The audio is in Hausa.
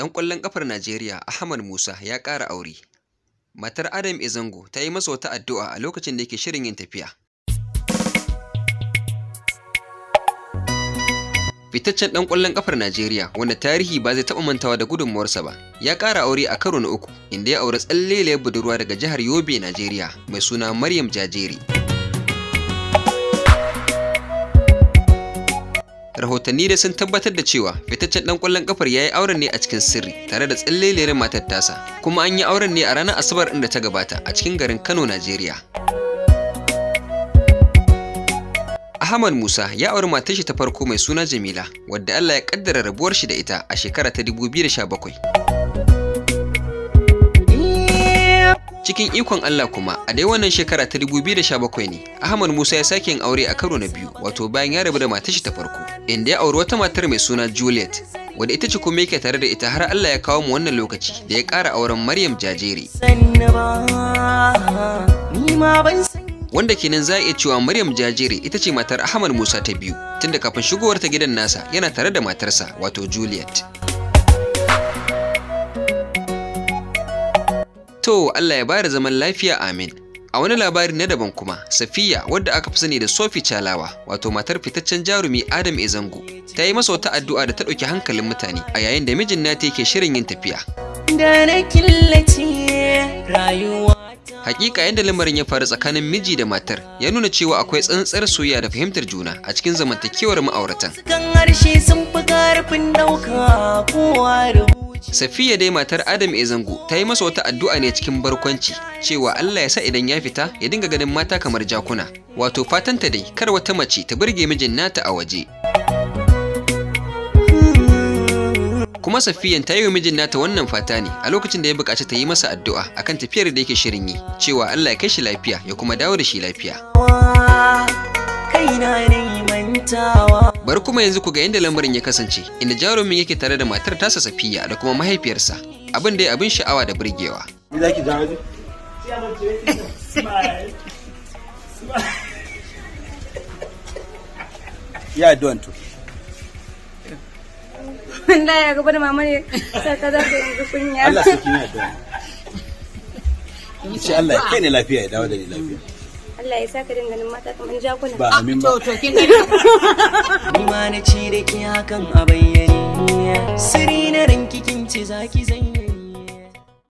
Ɗan ƙwallon ƙafar Najeriya Ahmad Musa ya ƙara aure. Matar Adam Izango ta yi masa wata addu'a a lokacin da yake shirin yin tafiya. Fitaccen ɗan ƙwallon ƙafar Najeriya wanda tarihi ba zai taɓa mantawa da gudunmuwarsa ba, ya ƙara aure a karo na uku inda ya aure tsallelayar budurwa daga jihar Yobe, Najeriya mai suna Maryam Jajeri. rahotanni da sun tabbatar da cewa fitaccen dan kwallon kafar ya yi auren ne a cikin sirri tare da tsallelerin matar tasa kuma an yi auren ne a ranar asabar inda ta gabata a cikin garin kano najeriya Ahmad Musa ya auri matar shi ta farko mai suna Jamila wadda Allah ya kaddara rabuwar shi da ita a shekara ta 2017 cikin ikon Allah kuma a dai wannan shekara ta 2017 ne Ahmad Musa ya sake yin aure a karo na biyu wato bayan ya rabu da matar shi ta farko inda ya auri wata matar mai suna Juliet wadda ita ce kuma yake tare da ita har Allah ya kawo mu wannan lokaci da ya ƙara auren Maryam Jajere wanda kenan za a iya cewa Maryam Jajere ita ce matar Ahmad Musa ta biyu tunda kafin shigowarta gidan nasa yana tare da matarsa wato Juliet To Allah ya bada zaman lafiya amin. A wani labari na daban kuma, Safiya wadda aka fi sani da Sofi Chalawa, wato matar fitaccen jarumi Adam Izangu, ta yi masa wata addu'a da ta ɗauki hankalin mutane a yayin da mijin nata yake shirin yin tafiya. Hakika yadda lamarin ya faru tsakanin miji da matar ya nuna cewa akwai tsantsar soyayya da fahimtar juna a cikin zamantakewar ma'auratan. Safiya dai matar Adam Ezangu ta yi masa wata addu'a ne cikin barkwanci cewa Allah ya sa idan ya fita ya dinga ganin mata kamar jakuna. Wato fatanta dai kar wata mace ta burge mijin nata a waje. Kuma Safiyan ta yi wa mijin nata wannan fata ne a lokacin da ya buƙaci ta yi masa addu'a akan tafiyar da yake shirin yi cewa Allah ya kai shi lafiya ya kuma dawo da shi lafiya. Kaina ne Bari kuma yanzu ku ga inda lamarin ya kasance, inda jarumin yake tare da matar tasa Safiya da kuma mahaifiyarsa. Abin da ya abin sha'awa da burgewa. Ya don to. Wanda ya gaba da mama sai ka zaɓe yanzu kunya. Allah yi addu'a. Allah kai ne lafiya ya dawo da ni lafiya. Allah ya saka din ganin mata kaman jakuna ba amin ba ah, to kin ni ma na ci da ki hakan a bayyane sirri na kin zaki zan